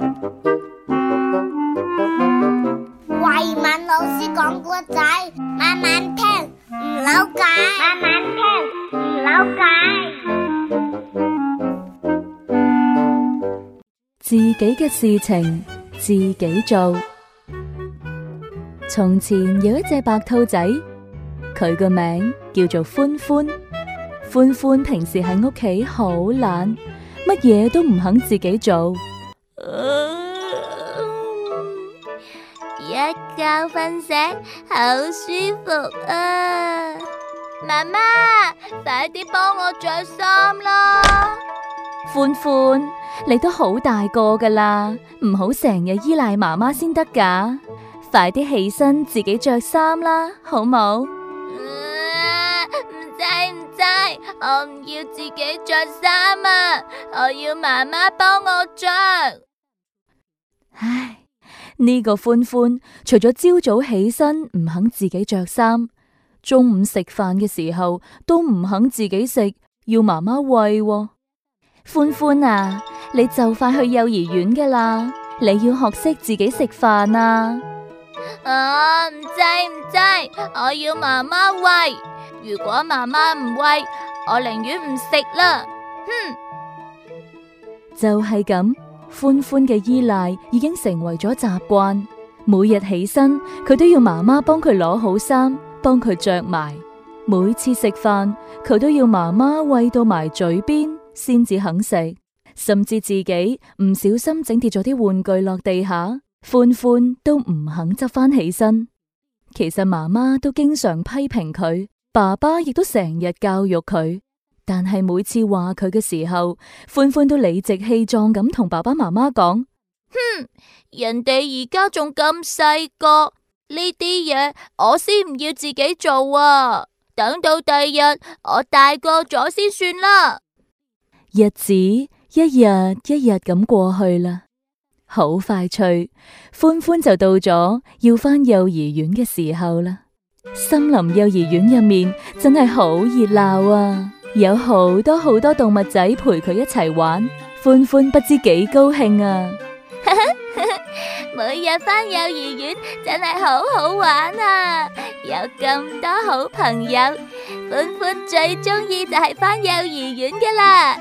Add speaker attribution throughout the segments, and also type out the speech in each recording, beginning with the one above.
Speaker 1: 慧敏老師講古仔，慢慢聽，唔扭計。慢慢聽，唔扭計。自己嘅事情自己做。從前有一隻白兔仔，佢個名叫做歡歡。歡歡平時喺屋企好懶，乜嘢都唔肯自己做。一覺瞓醒，好舒服啊！媽媽，快啲幫我着衫啦！歡歡，你都好大個噶啦，唔好成日依賴媽媽先得噶。快啲起身自己着衫啦，好冇？嗯，唔制唔制，我唔要自己着衫啊！我要媽媽幫我着。唉。呢個歡歡，除咗朝早起身唔肯自己着衫，中午食飯嘅時候都唔肯自己食，要媽媽餵喎。歡歡啊，你就快去幼兒園嘅啦，你要學識自己食飯啊！啊，唔制唔制，我要媽媽餵。如果媽媽唔餵，我寧願唔食啦。哼，就係咁。寬寬嘅依賴已經成為咗習慣，每日起身佢都要媽媽幫佢攞好衫，幫佢着埋。每次食飯佢都要媽媽喂到埋嘴邊先至肯食，甚至自己唔小心整跌咗啲玩具落地下，寬寬都唔肯執返起身。其實媽媽都經常批評佢，爸爸亦都成日教育佢。但係每次話佢嘅時候，歡歡都理直氣壯咁同爸爸媽媽講：哼，人哋而家仲咁細個，呢啲嘢我先唔要自己做啊。等到第日我大個咗先算啦。日子一日一日咁過去啦，好快脆。歡歡就到咗要返幼兒園嘅時候啦。森林幼兒園入面真係好熱鬧啊！有好多好多動物仔陪佢一齊玩，歡歡不知幾高興啊！ 每日返幼兒園真係好好玩啊，有咁多好朋友，寬寬、歡歡最鍾意就係返幼兒園嘅啦！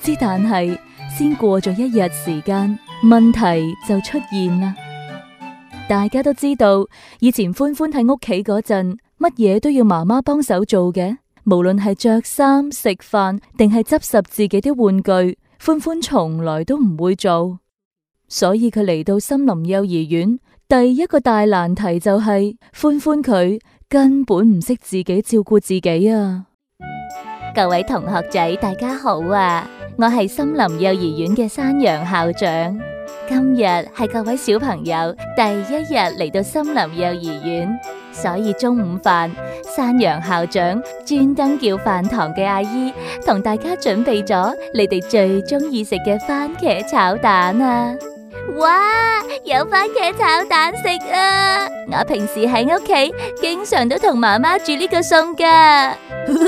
Speaker 1: 之 但係先過咗一日時間，問題就出現啦。大家都知道，以前歡歡喺屋企嗰陣。乜嘢都要媽媽幫手做嘅，無論係着衫、食飯，定係執拾自己啲玩具，歡歡從來都唔會做。所以佢嚟到森林幼兒園，第一個大難題就係歡歡佢根本唔識自己照顧自己啊！各位同學仔，大家好啊！我係森林幼兒園嘅山羊校長，今日係各位小朋友第一日嚟到森林幼兒園。所以中午飯，山羊校長專登叫飯堂嘅阿姨同大家準備咗你哋最中意食嘅番茄炒蛋啊！哇，有番茄炒蛋食啊！我平時喺屋企經常都同媽媽煮呢個餸㗎。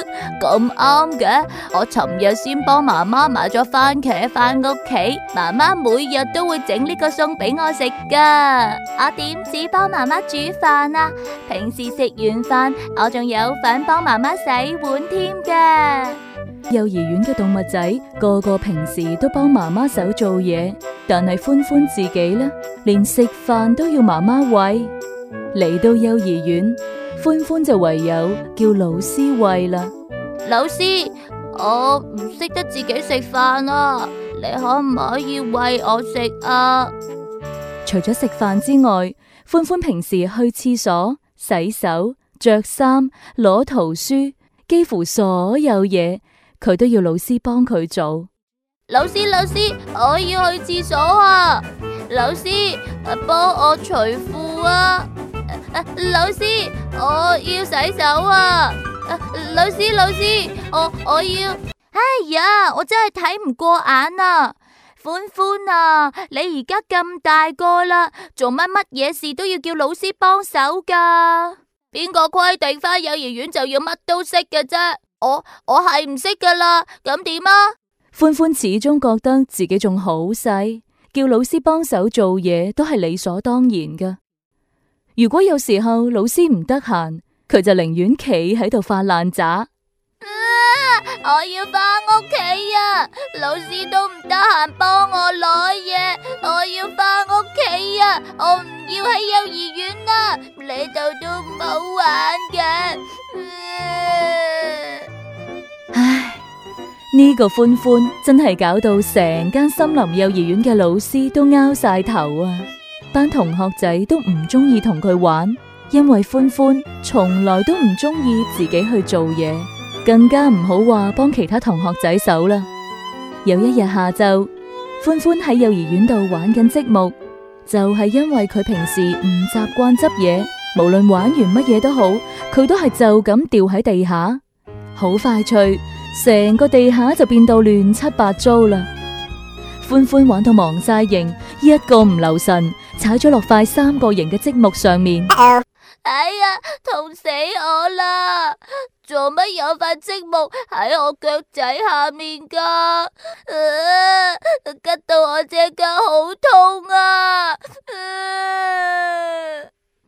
Speaker 1: 咁啱嘅，我尋日先幫媽媽買咗番茄翻屋企。媽媽每日都會整呢個餸俾我食噶。我點止幫媽媽煮飯啊？平時食完飯，我仲有份幫媽媽洗碗添噶。幼兒園嘅動物仔個個平時都幫媽媽手做嘢，但係歡歡自己呢，連食飯都要媽媽餵。嚟到幼兒園，歡歡就唯有叫老師餵啦。老師，我唔識得自己食飯啊！你可唔可以餵我食啊？除咗食飯之外，歡歡平時去廁所、洗手、着衫、攞圖書，幾乎所有嘢佢都要老師幫佢做。老師，老師，我要去廁所啊！老師，幫我除褲啊！呃，老師，我要洗手啊！老師，老師，我我要，哎呀，我真係睇唔過眼啊！歡歡啊，你而家咁大個啦，做乜乜嘢事都要叫老師幫手噶？邊個規定返幼兒園就要乜都識嘅啫？我我係唔識噶啦，咁點啊？歡歡始終覺得自己仲好細，叫老師幫手做嘢都係理所當然噶。如果有時候老師唔得閒，佢就寧願企喺度發爛渣。我要翻屋企啊！老師都唔得閒幫我攞嘢。我要翻屋企啊！我唔要喺幼兒園啊！你就都唔好玩嘅。唉，呢個歡歡真係搞到成間森林幼兒園嘅老師都拗晒頭啊！班同學仔都唔中意同佢玩。因為歡歡從來都唔中意自己去做嘢，更加唔好話幫其他同學仔手啦。有一日下晝，歡歡喺幼兒園度玩緊積木，就係、是、因為佢平時唔習慣執嘢，無論玩完乜嘢都好，佢都係就咁掉喺地下，好快脆，成個地下就變到亂七八糟啦。歡歡玩到忙晒型，一個唔留神踩咗落塊三個型嘅積木上面。Uh oh. 哎呀，痛死我啦！做乜有塊積木喺我腳仔下面噶？啊，吉到我隻腳好痛啊！啊，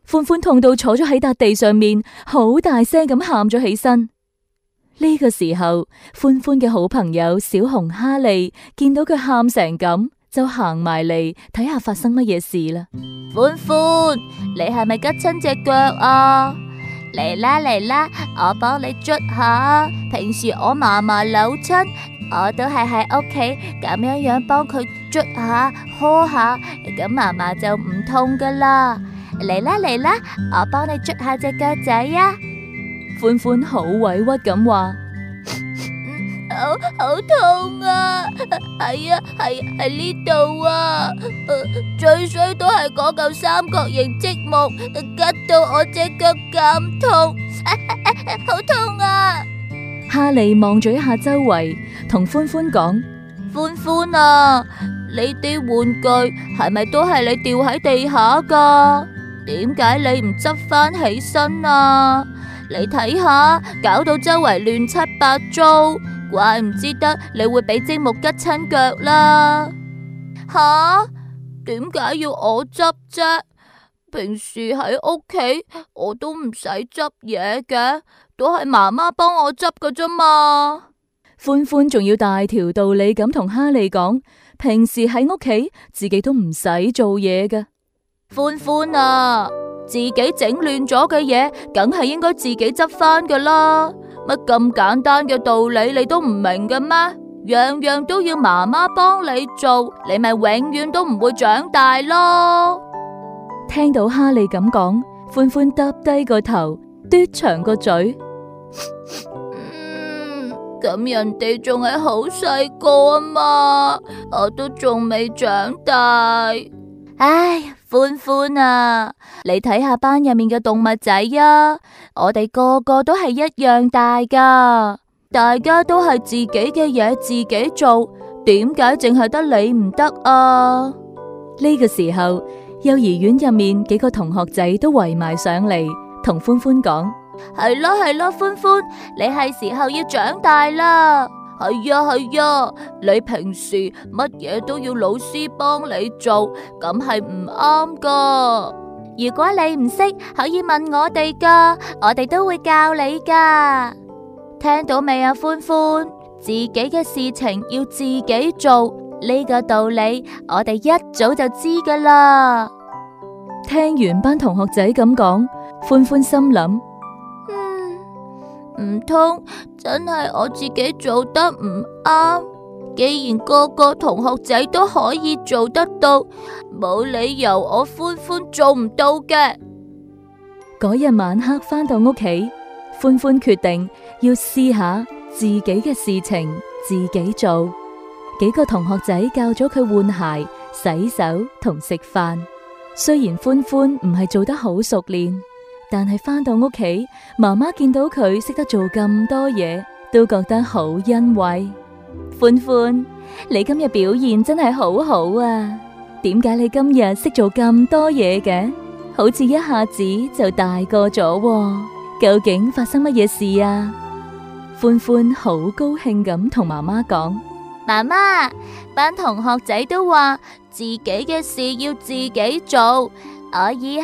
Speaker 1: 寬寬痛到坐咗喺笪地上面，好大聲咁喊咗起身。呢個時候，寬寬嘅好朋友小紅哈利見到佢喊成咁。就行埋嚟睇下發生乜嘢事啦！寬寬，你係咪吉親隻腳啊？嚟啦嚟啦，我幫你捽下。平時我嫲嫲扭親，我都係喺屋企咁樣樣幫佢捽下、呵下，咁嫲嫲就唔痛噶啦。嚟啦嚟啦，我幫你捽下隻腳仔啊！寬寬好委屈咁話。好痛啊！係啊，係喺呢度啊。最衰都係嗰嚿三角形積木，吉到我隻腳咁痛，好痛啊！哈利望咗一下周圍，同歡歡講：歡歡啊，你啲玩具係咪都係你掉喺地下噶？點解你唔執翻起身啊？你睇下，搞到周圍亂七八糟。怪唔知得你會俾積木吉親腳啦？吓，點解要我執啫？平時喺屋企我都唔使執嘢嘅，都係媽媽幫我執噶啫嘛。歡歡仲要大條道理咁同哈利講，平時喺屋企自己都唔使做嘢嘅。歡歡啊，自己整亂咗嘅嘢，梗係應該自己執翻噶啦。乜咁簡單嘅道理你都唔明嘅咩？樣樣都要媽媽幫你做，你咪永遠都唔會長大咯。聽到哈利咁講，歡歡耷低個頭，嘟長個嘴。咁、 嗯、人哋仲係好細個啊嘛，我都仲未長大。唉。歡歡啊，你睇下班入面嘅動物仔呀、啊，我哋個個都係一樣大噶，大家都係自己嘅嘢自己做，點解淨係得你唔得啊？呢個時候，幼兒園入面幾個同學仔都圍埋上嚟，同歡歡講：係咯係咯，歡歡，你係時候要長大啦。係呀係呀，你平時乜嘢都要老師幫你做，咁係唔啱噶。如果你唔識，可以問我哋噶，我哋都會教你噶。聽到未啊，歡歡？自己嘅事情要自己做，呢個道理我哋一早就知噶啦。聽完班同學仔咁講，歡歡心諗。唔通真係我自己做得唔啱？既然個個同學仔都可以做得到，冇理由我歡歡做唔到嘅。嗰日晚黑返到屋企，歡歡決定要試下自己嘅事情自己做。幾個同學仔教咗佢換鞋、洗手同食飯，雖然歡歡唔係做得好熟練。但係返到屋企，媽媽見到佢識得做咁多嘢，都覺得好欣慰。歡歡，你今日表現真係好好啊！點解你今日識做咁多嘢嘅？好似一下子就大個咗喎！究竟發生乜嘢事啊？歡歡好高興咁同媽媽講：媽媽，班同學仔都話自己嘅事要自己做。我以後，